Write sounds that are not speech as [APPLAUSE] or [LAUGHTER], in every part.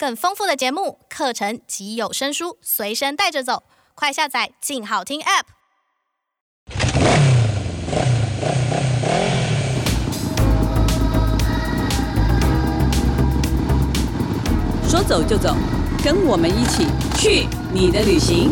更豐富的節目、課程及有聲書隨身帶着走，快下載「鏡好聽」App。說走就走，跟我們一起去你的旅行。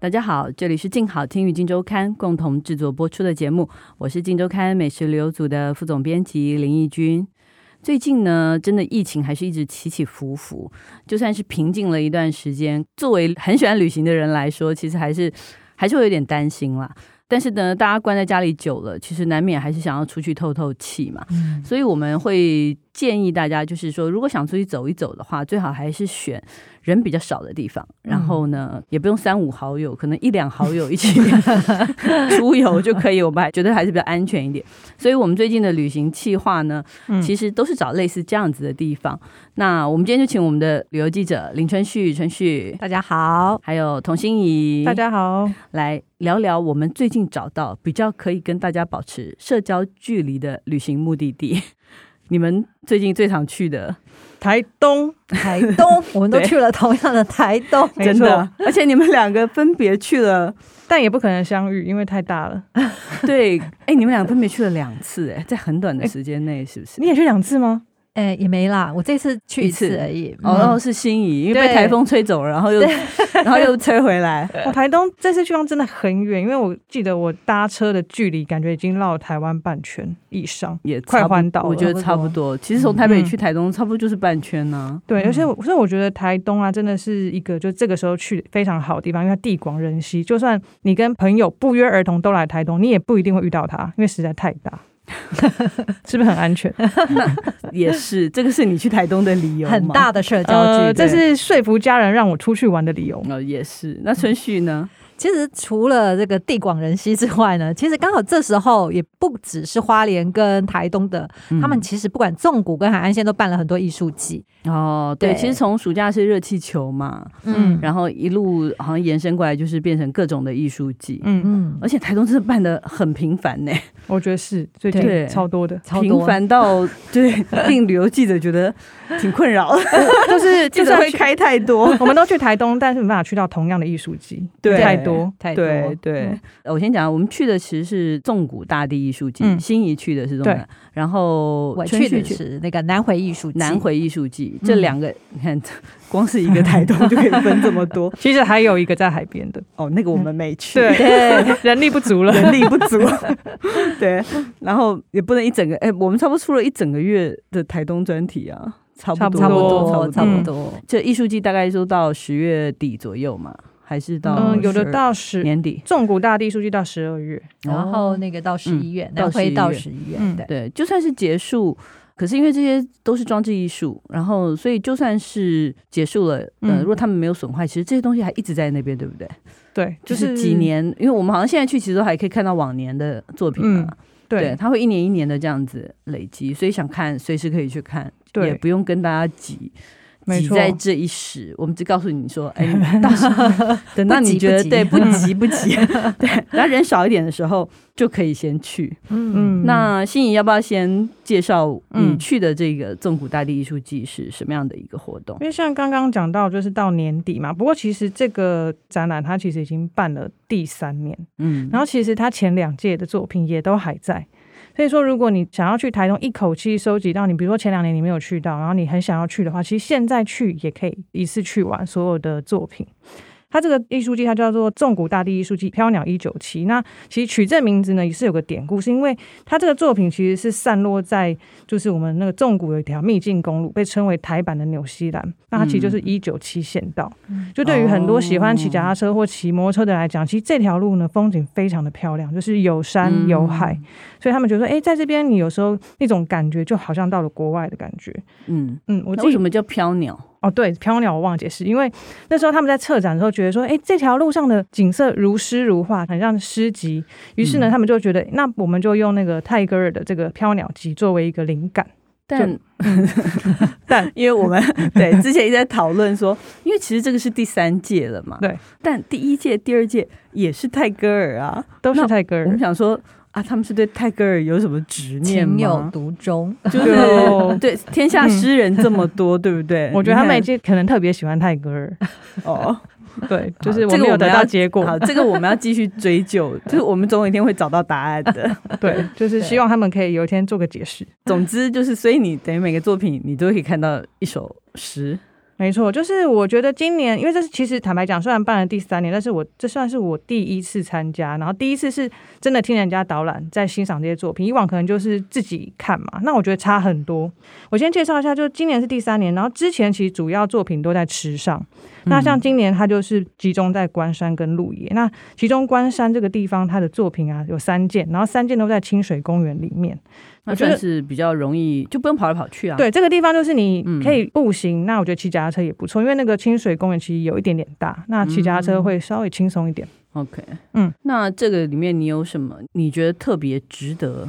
大家好，這裡是鏡好聽與鏡週刊共同製作播出的節目，我是鏡週刊美食旅遊組的副總編輯林義君。最近呢，真的疫情還是一直起起伏伏，就算是平靜了一段時間，作為很喜歡旅行的人來說，其實還是還是會有點擔心啦。但是呢，大家關在家裡久了，其實難免還是想要出去透透氣嘛，嗯、所以我們會。建議大家就是說，如果想出去走一走的話，最好還是選人比較少的地方。嗯、然後呢，也不用三五好友，可能一兩好友一起 [LAUGHS] [LAUGHS] 出遊就可以。我們還覺得還是比較安全一點。所以我們最近的旅行計劃呢，嗯、其實都是找類似這樣子的地方。那我們今天就請我們的旅遊記者林春旭，春旭，大家好；還有童心怡，大家好，來聊聊我們最近找到比較可以跟大家保持社交距離的旅行目的地。你們最近最常去的台東，台東， [LAUGHS] 對我們都去了同樣的台東，錯真的，而且你們兩個分別去了， [LAUGHS] 但也不可能相遇，因為太大了。 [LAUGHS] 對，哎、欸，你們兩個分別去了兩次，欸，哎，在很短的時間內，是不是？欸、你也去兩次嗎？哎，也沒啦，我這次去一次而已。哦，然後是心儀，因為被台風吹走了，然後又，然後又吹回來。我台東這次去方真的很遠，因為我記得我搭車的距離，感覺已經繞台灣半圈以上，也快環島，我覺得差不多。其實從台北去台東，差不多就是半圈呢。對，而且所以我覺得台東啊，真的是一個就這個時候去非常好的地方，因為它地廣人稀。就算你跟朋友不約而同都來台東，你也不一定會遇到他，因為實在太大，是不是很安全？也是，這個是你去台東的理由。很大的社交劇。呃，這是說服家人讓我出去玩的理由。對呃，也是。那順序呢？嗯其實除了這個地廣人稀之外呢，其實剛好這時候也不只是花蓮跟台東的，他們其實不管縱谷跟海岸線都辦了很多藝術季。哦，對，其實從暑假是熱氣球嘛，嗯，然後一路好像延伸過來，就是變成各種的藝術季。嗯嗯，而且台東真的辦的很頻繁呢，我覺得是，最近超多的，超多，頻繁到對，令旅遊記者覺得挺困擾，就是就是會開太多。我們都去台東，但是沒辦法去到同樣的藝術季，對太多。對對，我先講，我們去的其實是縱谷大地藝術季，心儀去的是縱谷，然後我去的是那個南回藝術南回藝術季，這兩個你看，光是一個台東就可以分這麼多，其實還有一個在海邊的，哦，那個我們沒去，對，人力不足了，人力不足，對，然後也不能一整個，哎，我們差不多出了一整個月的台東專題啊，差不多差不多差不多，這藝術季大概就到十月底左右嘛。還是到嗯，有的到十年底，縱谷大地藝術季到十二月，哦、然後那個到十一月，那、嗯、到十一月，對、嗯、對，就算是結束，可是因為這些都是裝置藝術，嗯、然後所以就算是結束了，嗯、呃，如果他們沒有損壞，嗯、其實這些東西還一直在那邊，對不對？對，就是、就是幾年，因為我們好像現在去，其實都還可以看到往年的作品嘛、啊嗯。對，他會一年一年的這樣子累積，所以想看隨時可以去看，對，也不用跟大家擠。在這一時，我們就告訴你說，哎，等到你覺得對不急不急，對，然後人少一點的時候就可以先去。嗯，那心穎要不要先介紹你去的這個縱谷大地藝術季是什麼樣的一個活動？因為像剛剛講到，就是到年底嘛。不過其實這個展覽它其實已經辦了第三年，嗯，然後其實它前兩屆的作品也都還在。所以說，如果你想要去台東一口氣收集到你，你比如說前兩年你沒有去到，然後你很想要去的話，其實現在去也可以一次去完所有的作品。它這個藝術季，它叫做縱谷大地藝術季，漂鳥一九七。那其實取這名字呢，也是有個典故，是因為它這個作品其實是散落在，就是我們那個縱谷有一條秘境公路，被稱為台版的紐西蘭。那它其實就是一九七縣道。嗯、就對於很多喜歡騎腳踏車或騎摩托車的來講，哦、其實這條路呢，風景非常的漂亮，就是有山有海，嗯、所以他們就說：“哎、欸，在這邊你有時候那種感覺就好像到了國外的感覺。嗯”嗯嗯，我為什麼叫漂鳥？哦，對，漂鳥我忘了解釋，因為那時候他們在策展的時候覺得說誒，這條路上的景色如詩如畫，很像詩集，於是呢，他們就覺得，那我們就用那個泰戈爾的這個《漂鳥集》作為一個靈感。但但因為我們對之前一直在討論說，因為其實這個是第三屆了嘛，對，但第一屆、第二屆也是泰戈爾啊，都是泰戈爾。我們想說。啊，他們是對泰戈爾有什麼執念嗎？情有獨鍾，就是，是對天下詩人這麼多，嗯、對不對？我覺得他們這可能特別喜歡泰戈爾。哦， [LAUGHS] 對，就是我們沒有得到結果。好，這個我們要繼續追究， [LAUGHS] 就是我們總有一天會找到答案的。 [LAUGHS] 對，就是希望他們可以有一天做個解釋。對總之就是，所以你等於每個作品，你都可以看到一首詩。沒錯，就是我覺得今年，因為這是其實坦白講，雖然辦了第三年，但是我這算是我第一次參加，然後第一次是真的聽人家導覽，在欣賞這些作品，以往可能就是自己看嘛，那我覺得差很多。我先介紹一下，就今年是第三年，然後之前其實主要作品都在池上。那像今年他就是集中在關山跟鹿野，嗯、那其中關山這個地方他的作品啊有三件，然後三件都在清水公園裡面，那算是比較容易，就不用跑來跑去啊。對，這個地方就是你可以步行，嗯、那我覺得騎腳踏車也不錯，因為那個清水公園其實有一點點大，那騎腳踏車會稍微輕鬆一點。OK，嗯，okay. 嗯，那這個裡面你有什麼你覺得特別值得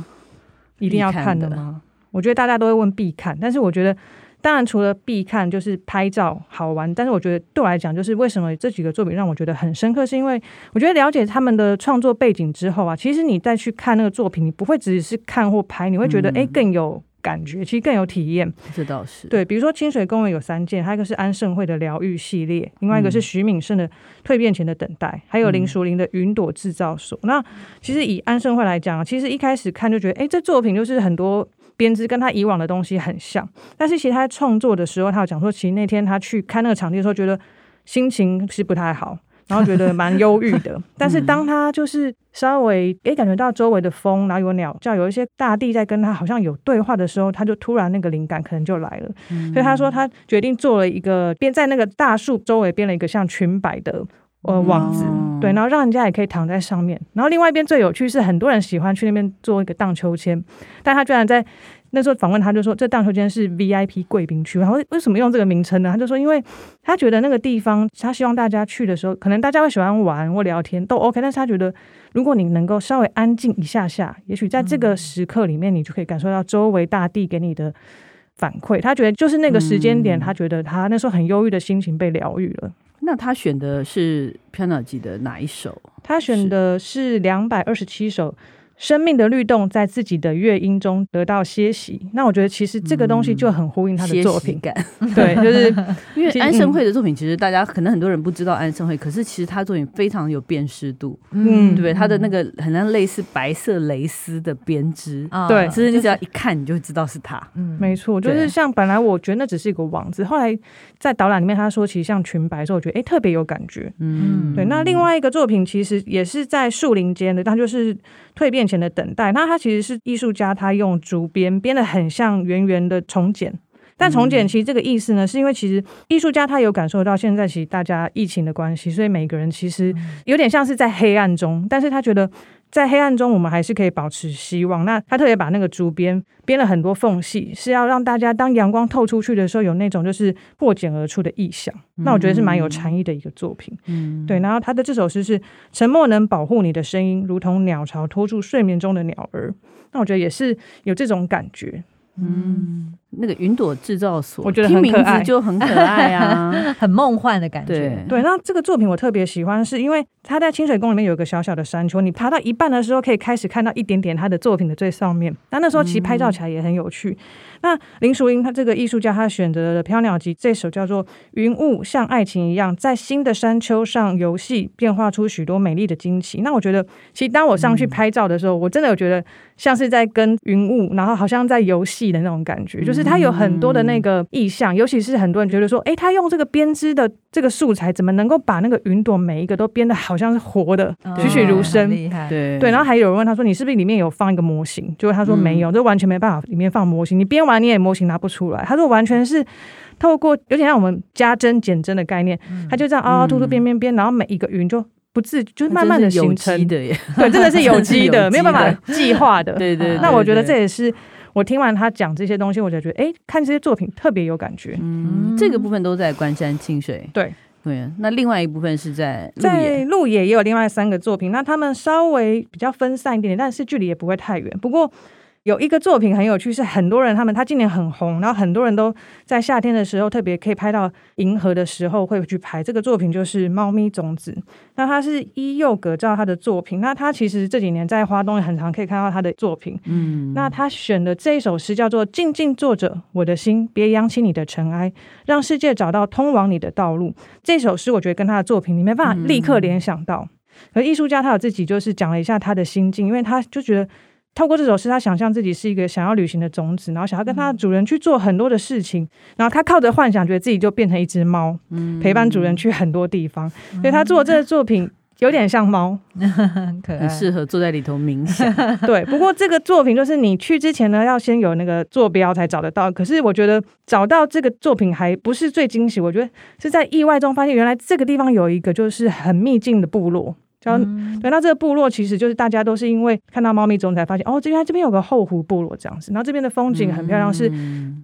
一,一定要看的嗎？我覺得大家都會問必看，但是我覺得。當然，除了必看就是拍照好玩，但是我覺得對我來講，就是為什麼這幾個作品讓我覺得很深刻，是因為我覺得了解他們的創作背景之後啊，其實你再去看那個作品，你不會只是看或拍，你會覺得、嗯、誒更有感覺，其實更有體驗。這倒是對，比如說清水公園有三件，還有一個是安聖惠的療癒系列，另外一個是徐敏盛的蛻變前的等待，還有林淑玲的雲朵制造所。嗯、那其實以安聖惠來講、啊、其實一開始看就覺得哎，這作品就是很多，編織跟他以往的東西很像，但是其實他創作的時候，他有講說，其實那天他去看那個場地的時候，覺得心情是不太好，然後覺得蠻憂鬱的。 [LAUGHS] 但是當他就是稍微也、欸、感覺到周圍的風，然後有鳥叫，有一些大地在跟他好像有對話的時候，他就突然那個靈感可能就來了。 [LAUGHS] 所以他說，他決定做了一個編在那個大樹周圍編了一個像裙擺的。呃，網子、oh. 對，然後讓人家也可以躺在上面。然後另外一邊最有趣是，很多人喜歡去那邊做一個盪秋千。但他居然在那時候訪問，他就說這盪秋千是 VIP 貴賓區。然後為什麼用這個名稱呢？他就說，因為他覺得那個地方，他希望大家去的時候，可能大家會喜歡玩或聊天都 OK。但是他覺得，如果你能夠稍微安靜一下下，也許在這個時刻裡面，你就可以感受到周圍大地給你的反饋。嗯、他覺得就是那個時間點，他覺得他那時候很憂鬱的心情被療癒了。那他選的是《飄渺集》的哪一首？他選的是兩百二十七首。生命的律動在自己的樂音中得到歇息。那我覺得其實這個東西就很呼應他的作品、嗯、感。對，就是因為安聖惠的作品，嗯、其實大家可能很多人不知道安聖惠，可是其實他作品非常有辨識度。嗯，對，他的那個很像類似白色蕾絲的編織。對、嗯，其實你只要一看，你就知道是他。嗯，沒錯，就是像本來我覺得那只是一個網子，對後來在導覽裡面他說其實像裙擺的時候，我覺得哎、欸、特別有感覺。嗯，對。那另外一個作品其實也是在樹林間的，但就是蛻變。前的等待，那他其實是藝術家，他用竹編編得很像圓圓的蟲繭。但蟲繭其實這個意思呢，是因為其實藝術家他有感受到現在其實大家疫情的關係，所以每個人其實有點像是在黑暗中，但是他覺得。在黑暗中，我們還是可以保持希望。那他特別把那個竹編編了很多縫隙，是要讓大家當陽光透出去的時候，有那種就是破繭而出的意象。那我覺得是蠻有禪意的一個作品。嗯，對。然後他的這首詩是“沉默能保護你的聲音，如同鳥巢托住睡眠中的鳥兒”。那我覺得也是有這種感覺。嗯。那個雲朵製造所，我覺得聽名字就很可愛啊， [LAUGHS] 很夢幻的感覺。對，對那這個作品我特別喜歡，是因為它在清水宮裡面有一個小小的山丘，你爬到一半的時候可以開始看到一點點他的作品的最上面，但那時候其實拍照起來也很有趣。嗯那林淑英她這個藝術家，她選擇了《飄鳥集》這首叫做《雲霧像愛情一樣，在新的山丘上遊戲，變化出許多美麗的驚奇》。那我覺得，其實當我上去拍照的時候，嗯、我真的有覺得像是在跟雲霧，然後好像在遊戲的那種感覺，嗯、就是他有很多的那個意象。嗯、尤其是很多人覺得說，哎、欸，他用這個編織的這個素材，怎麼能夠把那個雲朵每一個都編的好像是活的，栩栩如生。哦、很厲害。對，然後還有人問他說，你是不是裡面有放一個模型？結果他說沒有，這、嗯、完全沒辦法裡面放模型，你編完。你也模型拿不出來，他說完全是透過有點像我們加針減針的概念，嗯、他就這樣凹凸凸，變變變，然後每一個雲就不自就慢慢的形成有的耶，對，真的是有機的，有的沒有辦法計劃的， [LAUGHS] 對對、對、啊。那我覺得這也是我聽完他講這些東西，我就覺得哎、欸，看這些作品特別有感覺。嗯、這個部分都在關山清水，對對、啊。那另外一部分是在在鹿野也，也有另外三個作品，那他們稍微比較分散一點、點，但是距離也不會太遠。不過。有一個作品很有趣，是很多人他們他今年很紅，然後很多人都在夏天的時候特別可以拍到銀河的時候會去拍這個作品，就是《貓咪種子》。那他是伊佑·噶照他的作品，那他其實這幾年在花東也很常可以看到他的作品。嗯，那他選的這首詩叫做《靜靜坐着，我的心別揚起你的塵埃，讓世界找到通往你的道路》。這首詩我覺得跟他的作品你沒辦法立刻聯想到，嗯、而藝術家他有自己就是講了一下他的心境，因為他就覺得。透過這首詩，他想象自己是一個想要旅行的種子，然後想要跟他的主人去做很多的事情。然後他靠着幻想，覺得自己就變成一隻貓，嗯、陪伴主人去很多地方。嗯、所以他做這個作品有點像貓，嗯、 [LAUGHS] 很可愛，很適合坐在裡頭冥想。 [LAUGHS] 對，不過這個作品就是你去之前呢，要先有那個坐標才找得到。可是我覺得找到這個作品還不是最驚喜，我覺得是在意外中發現，原來這個地方有一個就是很秘境的部落。後、嗯、對，那這個部落其實就是大家都是因為看到貓咪總才發現哦，這邊這邊有個後湖部落這樣子，然後這邊的風景很漂亮。嗯、是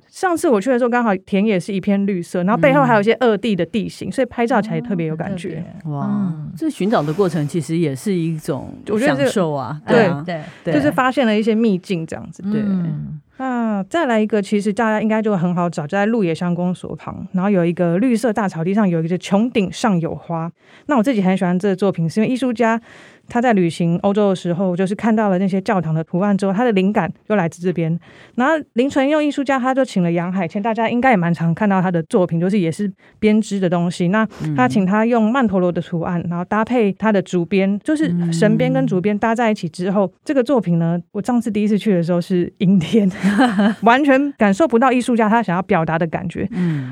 上次我去的時候剛好田野是一片綠色，然後背後還有一些惡地的地形，所以拍照起來也特別有感覺。嗯嗯嗯、哇，這尋找的過程其實也是一種享受啊！對對、這個啊，對，對對就是發現了一些秘境這樣子，對。嗯啊，再來一個，其實大家應該就很好找，就在鹿野鄉公所旁，然後有一個綠色大草地上有一個穹頂上有花。那我自己很喜歡這個作品，是因為藝術家。他在旅行歐洲的時候，就是看到了那些教堂的圖案之後，他的靈感就來自這邊。然後林純用藝術家，他就請了楊海倩，大家應該也蠻常看到他的作品，就是也是編織的東西。那他請他用曼陀羅的圖案，然後搭配他的竹編，就是繩編跟竹編搭在一起之後，嗯、這個作品呢，我上次第一次去的時候是陰天， [LAUGHS] 完全感受不到藝術家他想要表達的感覺。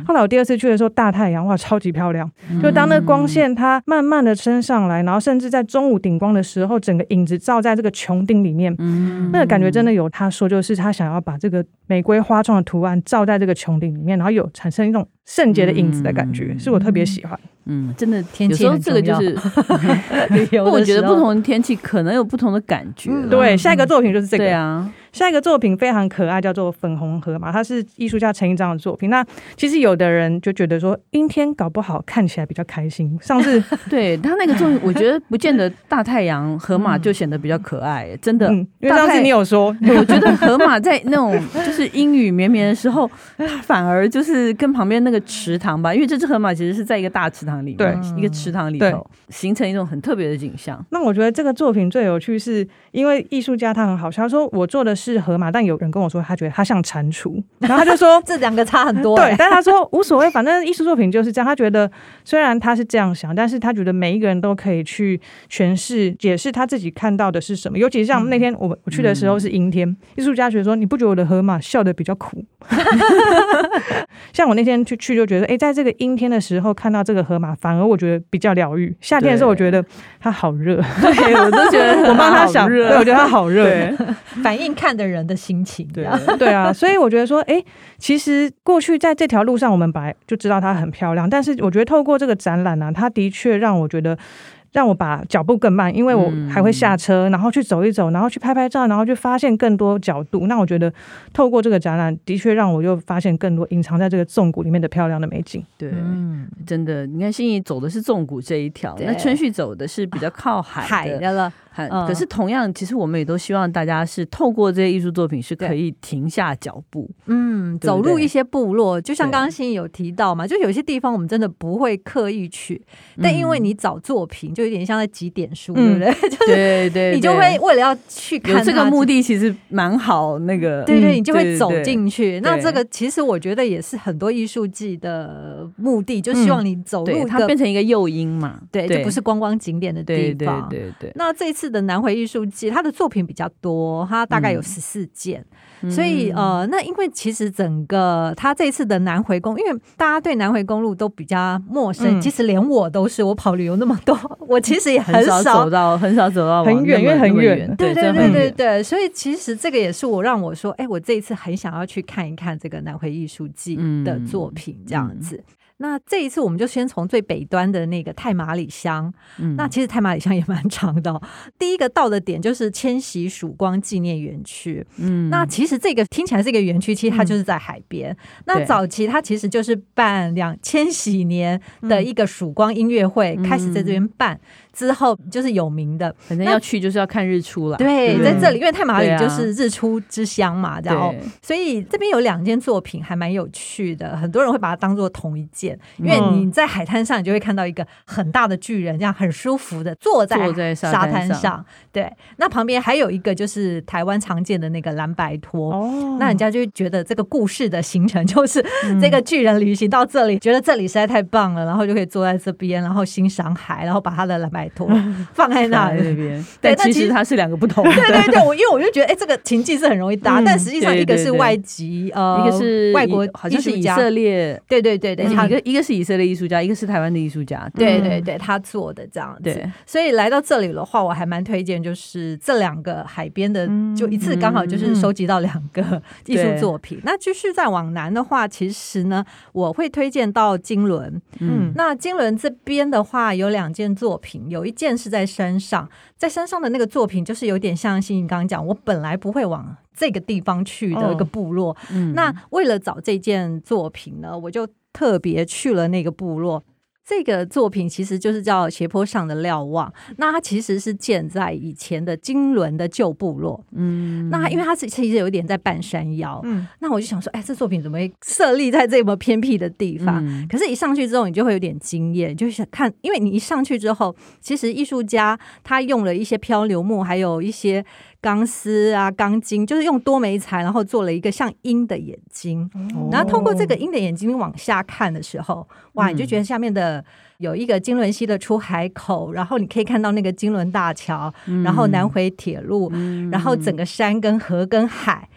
後來、嗯、我第二次去的時候大太陽，哇，超級漂亮！嗯、就當那光線它慢慢的升上來，然後甚至在中午頂光的時候，整個影子照在這個穹頂裡面，嗯、那個感覺真的有。他說，就是他想要把這個玫瑰花狀的圖案照在這個穹頂裡面，然後有產生一種聖潔的影子的感覺，嗯、是我特別喜歡。嗯，真的天氣這個就是， [LAUGHS] [LAUGHS] 不，我覺得不同的天氣可能有不同的感覺、嗯。對，下一個作品就是這個呀、嗯下一個作品非常可愛，叫做《粉紅河馬》，它是藝術家陳一章的作品。那其實有的人就覺得說，陰天搞不好看起來比較開心。上次 [LAUGHS] 對他那個作品，我覺得不見得大太陽河 [LAUGHS] 馬就顯得比較可愛，真的、嗯。因為上次你有說，太 [LAUGHS] 我覺得河馬在那種就是陰雨綿綿的時候，它反而就是跟旁邊那個池塘吧，因為這隻河馬其實是在一個大池塘裡面，嗯、一個池塘裡頭對形成一種很特別的景象。那我覺得這個作品最有趣是，是因為藝術家他很好笑，他說我做的是。是河馬，但有人跟我說，他覺得他像蟾蜍，然後他就說 [LAUGHS] 這兩個差很多、欸。對，但是他說無所謂，反正藝術作品就是這樣。他覺得雖然他是這樣想，但是他覺得每一個人都可以去詮釋、解釋他自己看到的是什麼。尤其像那天我、嗯、我去的時候是陰天，藝術、嗯、家覺得說，你不覺得我的河馬笑得比較苦？ [LAUGHS] 像我那天去去就覺得，哎、欸，在這個陰天的時候看到這個河馬，反而我覺得比較療癒。夏天的時候我覺得它好熱，對， [LAUGHS] 對我都覺得，我幫他想，對，我覺得它好熱，對 [LAUGHS] 反應看的人的心情，對對啊，所以我覺得說，哎，其實過去在這條路上，我們本來就知道它很漂亮。但是我覺得透過這個展覽呢、啊，它的確讓我覺得，讓我把腳步更慢，因為我還會下車，然後去走一走，然後去拍拍照，然後去發現更多角度。那我覺得透過這個展覽，的確讓我又發現更多隱藏在這個縱谷裡面的漂亮的美景。對，嗯，真的，你看，心儀走的是縱谷這一條，對那春旭走的是比較靠海的、啊、海了。可是同樣，其實我們也都希望大家是透過這些藝術作品，是可以停下腳步，嗯，走入一些部落，就像剛剛欣怡有提到嘛，就有些地方我們真的不會刻意去，但因為你找作品，就有點像在集點書，對不對？就是對對，你就會為了要去看這個目的，其實蠻好，那個對對，你就會走進去。那這個其實我覺得也是很多藝術季的目的，就希望你走路，它變成一個誘因嘛，對，就不是觀光景點的地方，對對對對。那這一次。的南回藝術季，他的作品比較多，他大概有十四件，嗯、所以呃，那因為其實整個他這次的南回公，因為大家對南回公路都比較陌生，嗯、其實連我都是，我跑旅遊那麼多，我其實也很少，很少走到，很少走到很遠，因為很遠，對對對對對，所以其實這個也是我讓我說，哎、欸，我這一次很想要去看一看這個南回藝術季的作品，這樣子。嗯嗯那這一次我們就先從最北端的那個太麻里鄉，嗯、那其實太麻里鄉也蠻長的喔。第一個到的點就是千禧曙光紀念園區，嗯，那其實這個聽起來是一個園區，其實它就是在海邊。嗯、那早期它其實就是辦兩千禧年的一個曙光音樂會，嗯、開始在這邊辦。嗯嗯之後就是有名的，反正要去就是要看日出了。對，對對在這裡，因為太麻里就是日出之鄉嘛，對然後所以這邊有兩件作品還蠻有趣的，很多人會把它當做同一件，因為你在海灘上，你就會看到一個很大的巨人，這樣很舒服的坐在沙灘上。灘上對，那旁邊還有一個就是台灣常見的那個藍白拖，哦、那人家就覺得這個故事的形成就是這個巨人旅行到這裡，嗯、覺得這裡實在太棒了，然後就可以坐在這邊，然後欣賞海，然後把他的藍白放在那裡，對，但其實它是兩個不同的。對對對，我因為我就覺得，哎，這個情境是很容易搭，但實際上一個是外籍，呃，一個是外國，好像是以色列。對對對對，一個一個是以色列藝術家，一個是台灣的藝術家。對對對，他做的這樣子，所以來到這裡的話，我還蠻推薦，就是這兩個海邊的，就一次剛好就是收集到兩個藝術作品。那繼續再往南的話，其實呢，我會推薦到金輪。嗯，那金輪這邊的話，有兩件作品。有一件是在山上，在山上的那個作品，就是有點像欣欣剛剛講，我本來不會往這個地方去的一個部落。哦嗯，那為了找這件作品呢，我就特別去了那個部落。這個作品其實就是叫斜坡上的瞭望，那它其實是建在以前的金崙的舊部落，嗯，那因為它其實有一點在半山腰，嗯，那我就想說，哎，這作品怎麼會設立在這麼偏僻的地方？嗯，可是，一上去之後，你就會有點驚艷，就想看，因為你一上去之後，其實藝術家他用了一些漂流木，還有一些。鋼絲啊，鋼筋就是用多媒材，然後做了一個像鷹的眼睛，哦、然後通過這個鷹的眼睛往下看的時候，哇，你就覺得下面的。嗯有一個金崙溪的出海口，然後你可以看到那個金崙大橋，然後南回鐵路，然後整個山跟河跟海，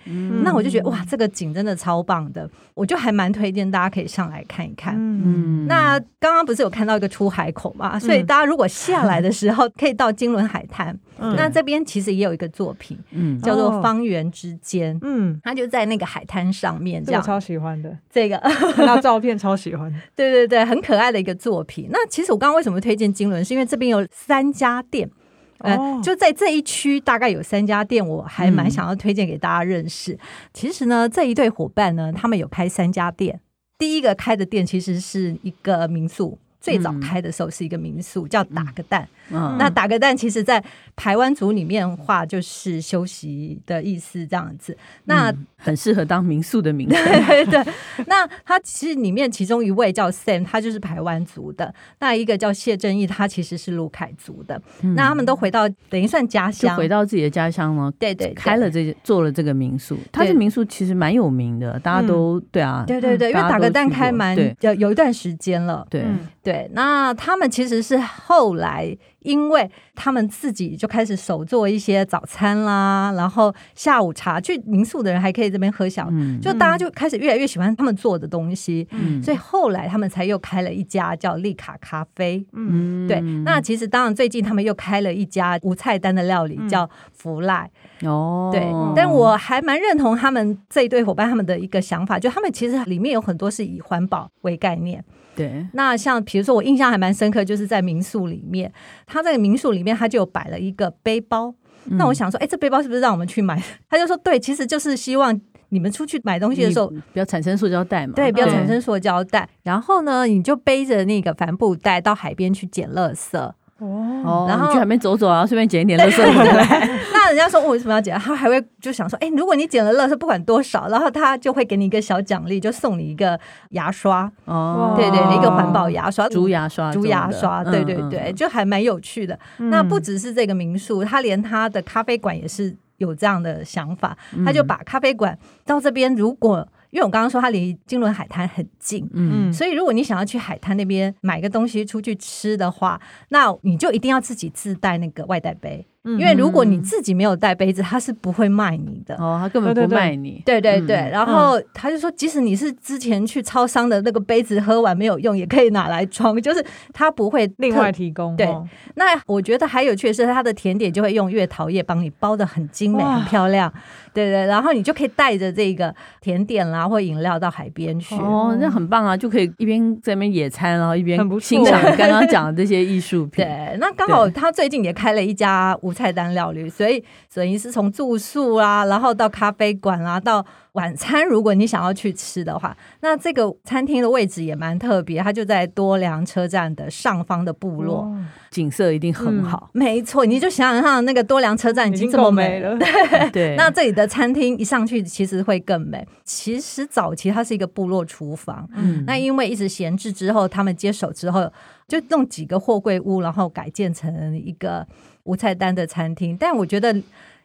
那我就覺得哇，這個景真的超棒的，我就還蠻推薦大家可以上來看一看。嗯，那剛剛不是有看到一個出海口嘛，所以大家如果下來的時候可以到金崙海灘，那這邊其實也有一個作品，嗯，叫做方圓之間，嗯，它就在那個海灘上面，這樣我超喜歡的這個，那照片超喜歡，對對對，很可愛的一個作品。那其實我剛剛為什麼推薦金崙？是因為這邊有三家店，呃，Oh. 就在這一區，大概有三家店，我還蠻想要推薦給大家認識。嗯、其實呢，這一對夥伴呢，他們有開三家店。第一個開的店其實是一個民宿，最早開的時候是一個民宿，嗯、叫打個蛋。嗯嗯，那打個蛋，其實在排灣族裡面話就是休息的意思，這樣子。那很適合當民宿的名字對。那他其實裡面其中一位叫 Sam，他就是排灣族的；那一個叫謝正義，他其實是魯凱族的。那他們都回到等於算家鄉，回到自己的家鄉了。對對，開了這做了這個民宿，他這民宿其實蠻有名的，大家都對啊，對對對，因為打個蛋開蠻有一段時間了。對對，那他們其實是後來。因為他們自己就開始手做一些早餐啦，然後下午茶，去民宿的人還可以這邊喝小，嗯、就大家就開始越來越喜歡他們做的東西，嗯、所以後來他們才又開了一家叫利卡咖啡，嗯，對。那其實當然最近他們又開了一家無菜單的料理叫福來，嗯，哦，對。但我還蠻認同他們這一對夥伴他們的一個想法，就他們其實裡面有很多是以環保為概念。對，那像比如說，我印象還蠻深刻，就是在民宿裡面，他在民宿裡面，他就擺了一個背包。嗯、那我想說，哎，這背包是不是讓我們去買？他就說，對，其實就是希望你們出去買東西的時候，不要產生塑膠袋嘛。對，不要產生塑膠袋。對然後呢，你就背着那個帆布袋到海邊去撿垃圾。哦，然後你去海邊走走啊，順便撿一點垃圾回來。那人家說我為什麼要撿？他還會就想說，哎、欸，如果你撿了垃圾不管多少，然後他就會給你一個小獎勵，就送你一個牙刷。哦，對，對對，一個環保牙刷，竹牙刷，竹牙刷，對對對，嗯、就還蠻有趣的。嗯、那不只是這個民宿，他連他的咖啡館也是有這樣的想法，他就把咖啡館到這邊，如果。因為我剛剛說它離金輪海灘很近，嗯，所以如果你想要去海灘那邊買個東西出去吃的話，那你就一定要自己自帶那個外帶杯。因為如果你自己沒有帶杯子，他是不會賣你的哦，他根本不賣你。對對對，然後他、嗯、就說，即使你是之前去超商的那個杯子喝完沒有用，也可以拿來裝，就是他不會另外提供、哦。對，那我覺得還有趣的是，他的甜點就會用月桃葉幫你包得很精美、哇很漂亮。對，對對，然後你就可以帶着這個甜點啦或飲料到海邊去。哦，那很棒啊，就可以一邊在那邊野餐，然後一邊欣賞剛剛講的這些藝術品。不 [LAUGHS] 對，那剛好他最近也開了一家。菜單料理，所以等於是從住宿啊，然後到咖啡館啊，到晚餐。如果你想要去吃的話，那這個餐廳的位置也蠻特別，它就在多良車站的上方的部落。哦，景色一定很好，嗯。沒錯，你就想想看，那個多良車站已經這麼美，美了，對 [LAUGHS] 對。 [LAUGHS] 那這裡的餐廳一上去，其實會更美。其實早期它是一個部落廚房，嗯，那因為一直閒置之後，他們接手之後就弄幾個貨櫃屋，然後改建成一個無菜單的餐廳，但我覺得，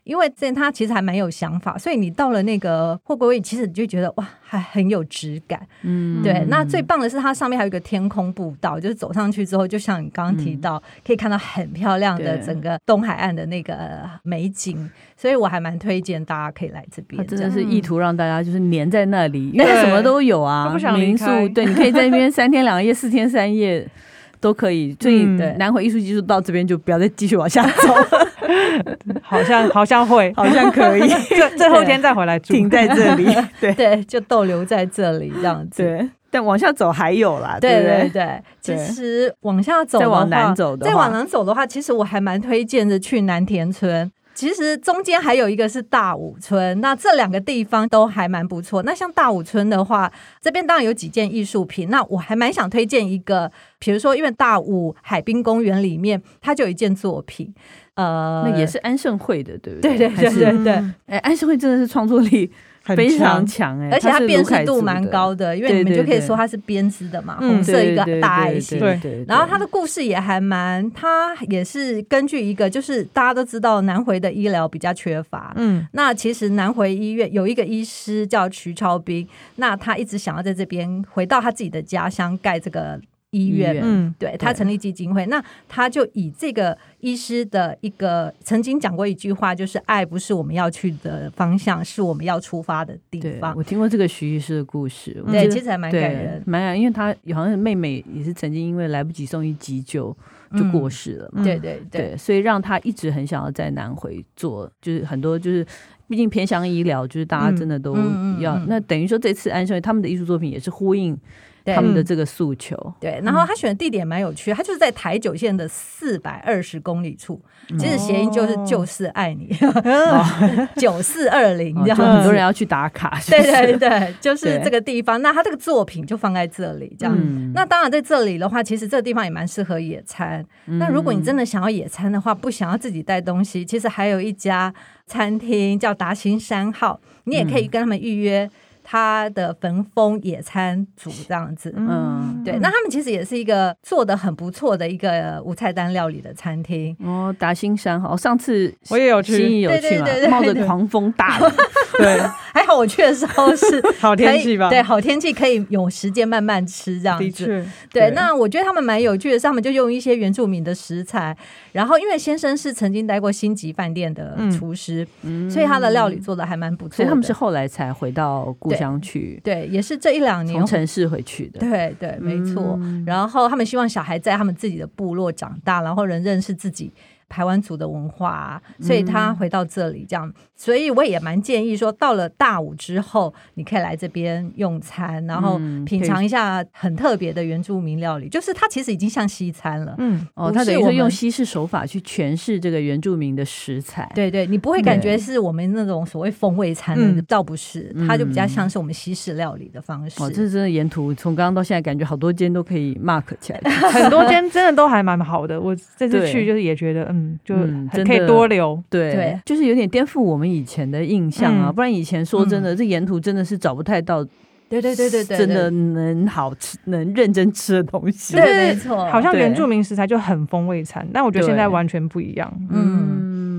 因為這它其實還蠻有想法，所以你到了那個貨櫃位，其實你就覺得哇，還很有質感。嗯，對。那最棒的是，它上面還有一個天空步道，就是走上去之後，就像你剛剛提到，嗯、可以看到很漂亮的整個東海岸的那個美景。對所以我還蠻推薦大家可以來這邊，真的是意圖讓大家就是黏在那裡，那、嗯、因為什麼都有啊，不想民宿。對，你可以在那邊三天兩夜， [LAUGHS] 四天三夜。都可以，所以、嗯、南回藝術季到這邊就不要再繼續往下走， [LAUGHS] 好像好像會，好像可以，最 [LAUGHS] 最後天再回來住，對停在這裡，對對，就逗留在這裡這樣子。對，但往下走還有啦，對對對，對，其實往下走再往南走的，再往，往南走的話，其實我還蠻推薦的，去南田村。其實中間還有一個是大武村，那這兩個地方都還蠻不錯。那像大武村的話，這邊當然有幾件藝術品。那我還蠻想推薦一個，比如說因為大武海濱公園裡面，它就有一件作品，呃，那也是安聖惠的，對不對？對對對對對，哎，安聖惠真的是創作力。非常強哎，而且它辨識度蠻高的，的，因為你們就可以說它是編織的嘛，對對對，紅色一個大愛心。對對對對對，然後它的故事也還蠻，它也是根據一個，就是大家都知道南回的醫療比較缺乏，嗯，那其實南回醫院有一個醫師叫徐超斌，那他一直想要在這邊回到他自己的家鄉蓋這個。醫院，嗯，對，他成立基金會，對那他就以這個醫師的一個曾經講過一句話，就是愛不是我們要去的方向，是我們要出發的地方。我聽過這個徐醫師的故事，嗯、對，其實還蠻感人，蠻感，因為他好像是妹妹也是曾經因為來不及送醫急救就過世了嘛。嗯、對對對，對，所以讓他一直很想要在南回做，就是很多就是畢竟偏向醫療，就是大家真的都要。嗯嗯嗯嗯、那等於說這次安秀他們的藝術作品也是呼應。對他們的這個訴求，嗯，對，然後他選的地點蠻有趣，他就是在台九線的四百二十公里處，嗯、其實諧音就是“就是愛你九四二零”，然後、哦 [LAUGHS] 哦、很多人要去打卡。就是、對對對，就是這個地方。對那他這個作品就放在這裡，這樣。嗯、那當然在這裡的話，其實這個地方也蠻適合野餐。嗯、那如果你真的想要野餐的話，不想要自己帶東西，其實還有一家餐廳叫達興三號，你也可以跟他們預約。嗯他的焚風野餐組這樣子，嗯，對，那他們其實也是一個做得很不錯的一個無菜單料理的餐廳哦。達興山，好，上次我也有去，對對對對，冒着狂風大了， [LAUGHS] 對。還好我去的時候是 [LAUGHS] 好天氣吧？對，好天氣可以有時間慢慢吃這樣子。的確，對。對，那我覺得他們蠻有趣的是，他們就用一些原住民的食材，然後因為先生是曾經待過星級飯店的廚師，嗯、所以他的料理做得還的還蠻不錯。所以他們是後來才回到故鄉去，對。對，也是這一兩年從城市回去的。對對，沒錯。嗯、然後他們希望小孩在他們自己的部落長大，然後能認識自己排灣族的文化，所以他回到這裡這樣。嗯所以我也蠻建議說，到了大武之後，你可以來這邊用餐，然後品嘗一下很特別的原住民料理。嗯、就是它其實已經像西餐了，嗯，哦，是它等於說用西式手法去詮釋這個原住民的食材。對，對對，你不會感覺是我們那種所謂風味餐，倒不是，對它就比較像是我們西式料理的方式。嗯嗯、哦，這是真的沿途從剛剛到現在，感覺好多間都可以 mark 起來， [LAUGHS] 很多間真的都還蠻好的。我這次去就是也覺得，對嗯，就可以多留。嗯、對，對就是有點顛覆我們。以前的印象啊，嗯、不然以前說真的，嗯、這沿途真的是找不太到，對對對對對，真的能好吃、嗯、能認真吃的東西，對，對，對，對，好像原住民食材就很風味餐，對但我覺得現在完全不一樣，對嗯。嗯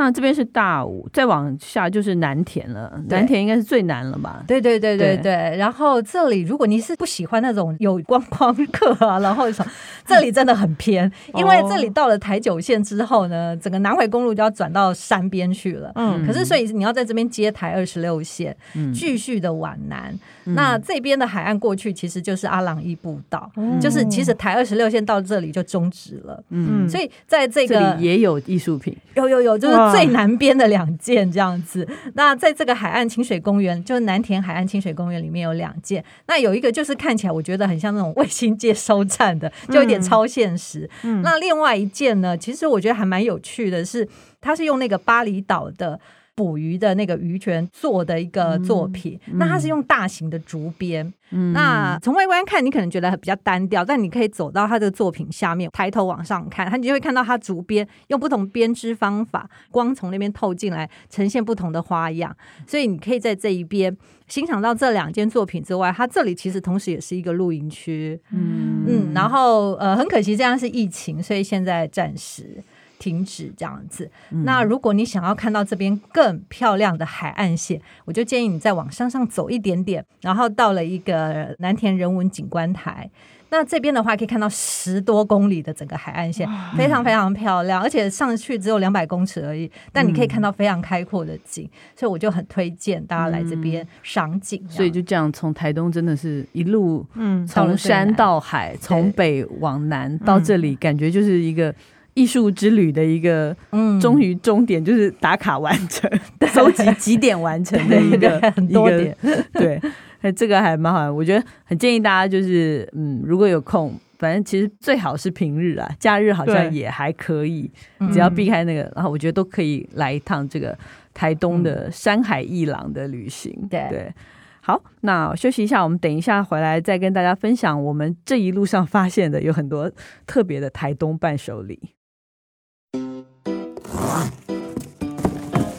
那這邊是大武，再往下就是南田了。南田應該是最南了吧？對對對對對。然後這裡，如果你是不喜歡那種有觀光客啊，然後什麼，這裡真的很偏，因為這裡到了台九線之後呢，整個南回公路就要轉到山邊去了。嗯，可是所以你要在這邊接台二十六線，繼續的往南。那這邊的海岸過去，其實就是阿朗伊步道，就是其實台二十六線到這裡就終止了。嗯，所以在這裡也有藝術品。有有有，就是最南邊的兩件這樣子。哇那在這個海岸清水公園，就是南田海岸清水公園裡面有兩件。那有一個就是看起來我覺得很像那種衛星接收站的，就有點超現實。嗯、那另外一件呢，其實我覺得還蠻有趣的是，是它是用那個巴厘島的。捕魚的那個魚筌做的一個作品，嗯嗯、那它是用大型的竹編。嗯、那從外觀看，你可能覺得很比較單調，但你可以走到它的作品下面，抬頭往上看，它你就會看到它竹編用不同編織方法，光從那邊透進來，呈現不同的花樣。所以你可以在這一邊欣賞到這兩件作品之外，它這裡其實同時也是一個露營區。嗯嗯，嗯然後呃，很可惜這樣是疫情，所以現在暫時，停止這樣子。那如果你想要看到這邊更漂亮的海岸線，嗯、我就建議你再往山上，上走一點點，然後到了一個南田人文景觀臺。那這邊的話可以看到十多公里的整個海岸線，嗯、非常非常漂亮，而且上去只有兩百公尺而已，但你可以看到非常開闊的景，嗯、所以我就很推薦大家來這邊賞景。所以就這樣，從台東真的是一路，嗯，從山到海，從、嗯、北往南對到這裡，感覺就是一個。藝術之旅的一個終於終點、嗯、就是打卡完成，收對集集點完成的一個很多點，對，那這個還蠻好玩，我覺得很建議大家就是嗯，如果有空，反正其實最好是平日啊，假日好像也還可以，對只要避開那個，嗯、然後我覺得都可以來一趟這個台東的山海藝廊的旅行。嗯、對對，好，那休息一下，我們等一下回來再跟大家分享我們這一路上發現的有很多特別的台東伴手禮。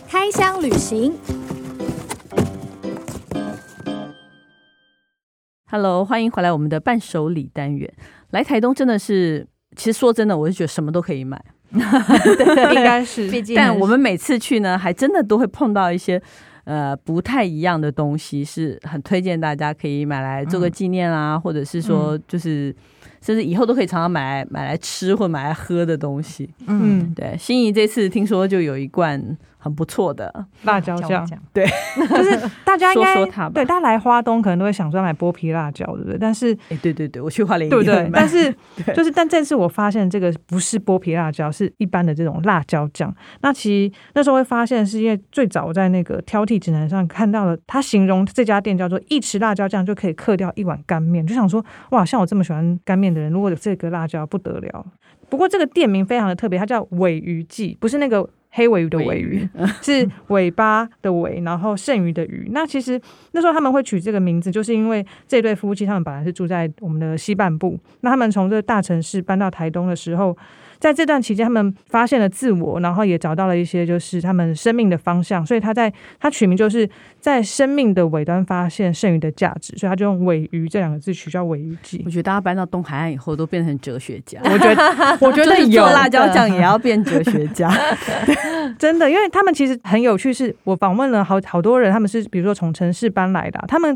開箱旅行，Hello，歡迎回來我們的伴手禮單元。來台東真的是，其實說真的，我是覺得什麼都可以買， [LAUGHS] 對 [LAUGHS] 應該是。但我們每次去呢，還真的都會碰到一些呃不太一樣的東西，是很推薦大家可以買來做個紀念啊，嗯、或者是說就是。嗯就是以後都可以常常買來買來吃或買來喝的東西。嗯，對，心儀這次聽說就有一罐很不錯的辣椒醬，我講我講對， [LAUGHS] 就是大家應該說說他們。對，大家來花東可能都會想說買剝皮辣椒，對不對？但是，哎、欸，對對對，我去華聯，對不對？但是對就是，但這次我發現這個不是剝皮辣椒，是一般的這種辣椒醬。那其實那時候會發現，是因為最早我在那個挑剔指南上看到了，他形容這家店叫做一匙辣椒醬就可以嗑掉一碗乾麵，就想說哇，像我這麼喜歡乾麵。的人如果有這個辣椒不得了，不過這個店名非常的特別，它叫尾魚記，不是那個黑鮪魚的鮪魚，鮪魚 [LAUGHS] 是尾巴的尾，然後剩餘的魚。那其實那時候他們會取這個名字，就是因為這對夫妻他們本來是住在我們的西半部，那他們從這個大城市搬到台東的時候，在這段期間，他們發現了自我，然後也找到了一些就是他們生命的方向。所以他在他取名就是在生命的尾端發現剩餘的價值，所以他就用尾餘這兩個字取叫尾餘記。我覺得大家搬到東海岸以後都變成哲學家，我覺得我覺得有辣椒醬也要變哲學家， [LAUGHS] [LAUGHS] 真的，因為他們其實很有趣是。是我訪問了好好多人，他們是比如說從城市搬來的，他們。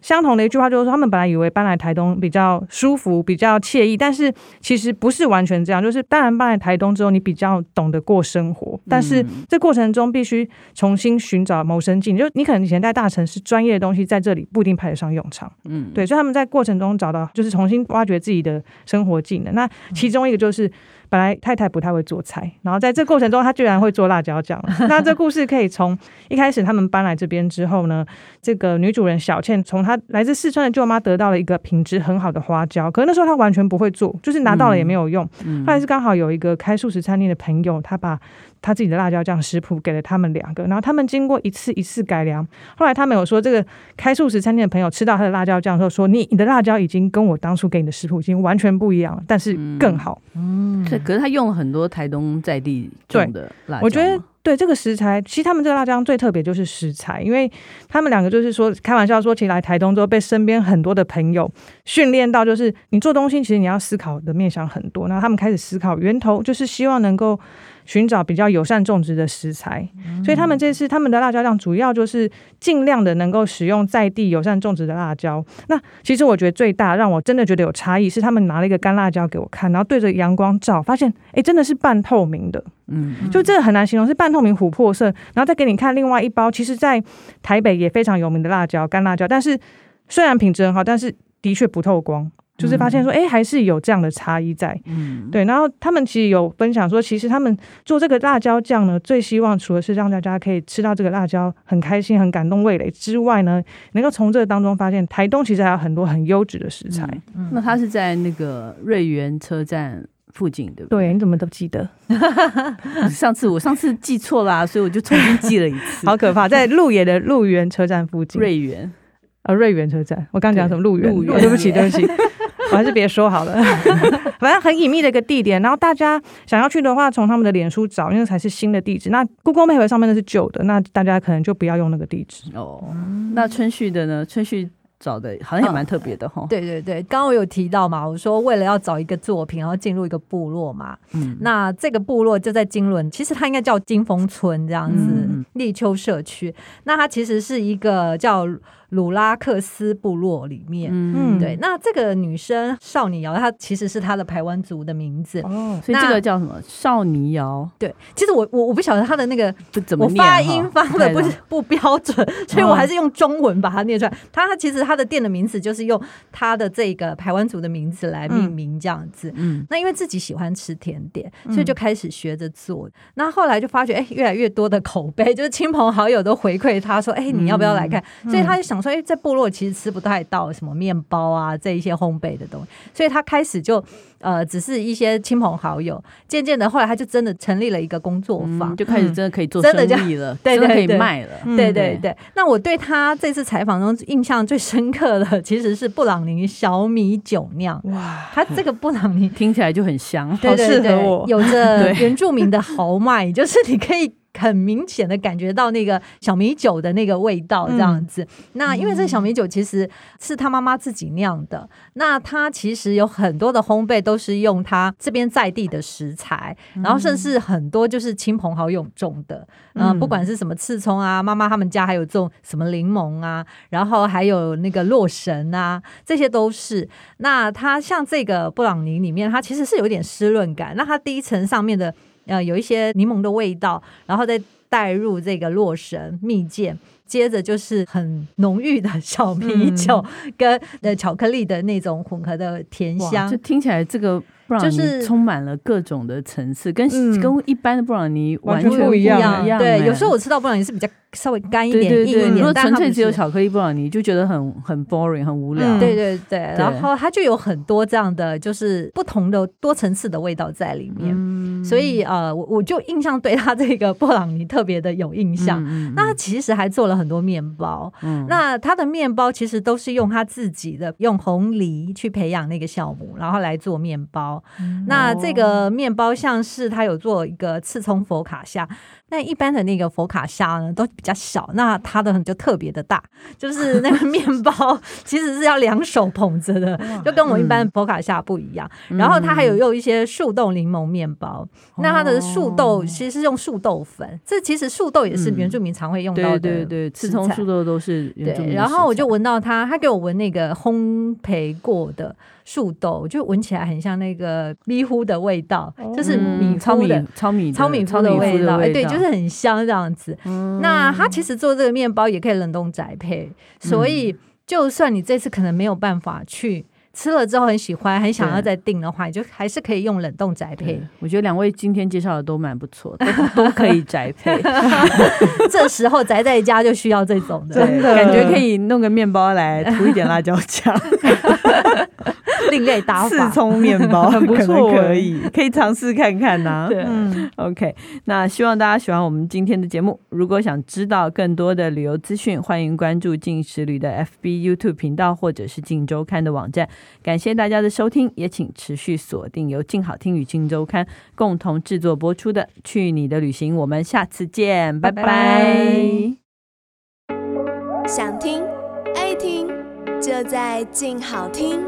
相同的一句話就是說，他們本來以為搬來台東比較舒服、比較愜意，但是其實不是完全這樣。就是當然搬來台東之後，你比較懂得過生活，但是這過程中必須重新尋找謀生技能。嗯、就你可能以前在大城市專業的東西，在這裡不一定派得上用場。嗯，對，所以他們在過程中找到，就是重新挖掘自己的生活技能。那其中一個就是。本來太太不太會做菜，然後在這過程中，她居然會做辣椒醬。 [LAUGHS] 那這故事可以從一開始他們搬來這邊之後呢，這個女主人小倩從她來自四川的舅媽得到了一個品質很好的花椒，可是那時候她完全不會做，就是拿到了也沒有用。嗯嗯、後來是剛好有一個開素食餐廳的朋友，她把。他自己的辣椒醬食譜給了他們兩個，然後他們經過一次一次改良。後來他們有說這個開素食餐廳的朋友吃到他的辣椒醬的時候說：“你你的辣椒已經跟我當初給你的食譜已經完全不一樣了，但是更好。”嗯，嗯，可是他用了很多台東在地種的辣椒。我覺得對這個食材，其實他們這個辣椒最特別就是食材，因為他們兩個就是說開玩笑說，其實來台東之後被身邊很多的朋友訓練到，就是你做東西其實你要思考的面向很多。然後他們開始思考源頭，就是希望能夠。尋找比較友善種植的食材，所以他們這次他們的辣椒醬主要就是盡量的能夠使用在地友善種植的辣椒。那其實我覺得最大讓我真的覺得有差異是他們拿了一個乾辣椒給我看，然後對着陽光照，發現哎、欸、真的是半透明的，嗯，就這很難形容是半透明琥珀色。然後再給你看另外一包，其實，在台北也非常有名的辣椒乾辣椒，但是雖然品質很好，但是的確不透光。就是發現說，哎、欸，還是有這樣的差異在，嗯、對。然後他們其實有分享說，其實他們做這個辣椒醬呢，最希望除了是讓大家可以吃到這個辣椒很開心、很感動味蕾之外呢，能夠從這個當中發現台東其實還有很多很優質的食材。嗯嗯、那他是在那個瑞園車站附近的，對？你怎麼都記得？ [LAUGHS] 上次我上次記錯啦，、啊，所以我就重新記了一次。 [LAUGHS] 好可怕，在鹿野的鹿園車站附近。瑞園元啊，瑞園車站，我剛講什麼？鹿園對？鹿原對不起，對不起。 [LAUGHS] [LAUGHS] 我還是別說好了，反正很隱秘的一個地點。然後大家想要去的話，從他們的臉書找，因為才是新的地址。那 Google 配合上面的是舊的，那大家可能就不要用那個地址哦。嗯、那春旭的呢？春旭找的好像也蠻特別的哈。對對對，剛剛我有提到嘛，我說為了要找一個作品，然後進入一個部落嘛。嗯。那這個部落就在金崙，其實它應該叫金峰村這樣子，歷、嗯嗯、坵社區。那它其實是一個叫。魯拉克斯部落裡面，嗯，對，那這個女生少女瑤，她其實是她的排灣族的名字，哦，所以這個叫什麼那少女瑤？對，其實我我我不曉得她的那個我發音發的不是了不標準，所以我還是用中文把它念出來。哦、她她其實她的店的名字就是用她的這個排灣族的名字來命名這樣子，嗯，那因為自己喜歡吃甜點，所以就開始學着做，那、嗯、後，後來就發覺，哎、欸，越來越多的口碑，就是親朋好友都回饋她說，哎、欸，你要不要來看？嗯嗯、所以她就想。所以，在、欸、部落其實吃不太到什麼麵包啊，這一些烘焙的東西。所以他開始就呃，只是一些親朋好友。漸漸的，後來他就真的成立了一個工作坊，嗯、就開始真的可以做生意了，真的可以賣了對對對，嗯。對對對。那我對他這次採訪中印象最深刻的，其實是布朗尼小米酒釀。哇，他這個布朗尼聽起來就很香，好適合我。對對對，有着原住民的豪邁，對就是你可以。很明顯的感覺到那個小米酒的那個味道這樣子。嗯、那因為這小米酒其實是他媽媽自己釀的，嗯、那他其實有很多的烘焙都是用他這邊在地的食材，嗯、然後甚至很多就是親朋好友種的。嗯，嗯，不管是什麼刺蔥啊，媽媽他們家還有種什麼檸檬啊，然後還有那個洛神啊，這些都是。那他像這個布朗尼裡面，它其實是有點濕潤感。那它第一層上面的。呃、嗯，有一些檸檬的味道，然後再帶入這個洛神蜜餞，接着就是很濃郁的小米酒跟呃巧克力的那種混合的甜香，嗯、就聽起來這個。就是布朗尼充滿了各種的層次，跟跟一般的布朗尼完全不一樣。對，有時候我吃到布朗尼是比較稍微乾一點，硬一點。如果純粹只有巧克力布朗尼，就覺得很很 boring，很無聊。對對對，然後它就有很多這樣的，就是不同的多層次的味道在裡面。所以呃，我我就印象對他這個布朗尼特別的有印象。那他其實還做了很多麵包，那他的麵包其實都是用他自己的用紅藜去培養那個酵母，然後來做麵包。嗯、那這個麵包像是他有做一個刺蔥佛卡夏，那一般的那個佛卡夏呢，都比較小，那它的就特別的大，就是那個麵包 [LAUGHS] 其實是要兩手捧着的，哇就跟我一般的佛卡夏不一樣。嗯、然後他還有用一些樹豆檸檬麵包，嗯、那它的樹豆其實是用樹豆粉，哦、這其實樹豆也是原住民常會用到的、嗯，對對對，刺蔥樹豆都是原住民。對，然後我就聞到他，他給我聞那個烘焙過的。樹豆就聞起來很像那個米糊的味道，就是米糊的糙米、糙米、糙米糊的味道，哎，對，就是很香這樣子。那他其實做這個麵包也可以冷凍宅配，所以就算你這次可能沒有辦法去吃了之後很喜歡，很想要再訂的話，你就還是可以用冷凍宅配。我覺得兩位今天介紹的都蠻不錯，都可以宅配。這時候宅在家就需要這種的感覺，可以弄個麵包來塗一點辣椒醬。另類打法，四沖麵包 [LAUGHS] 很不錯，可、能可以 [LAUGHS] 可以嘗試看看吶、啊。對，OK，那希望大家喜歡我們今天的節目。如果想知道更多的旅遊資訊，歡迎關注鏡食旅的 FB、YouTube 頻道，或者是鏡周刊的網站。感謝大家的收聽，也請持續鎖定由鏡好聽與鏡周刊共同制作播出的《去你的旅行》，我們下次見，拜拜。想聽愛聽，就在鏡好聽。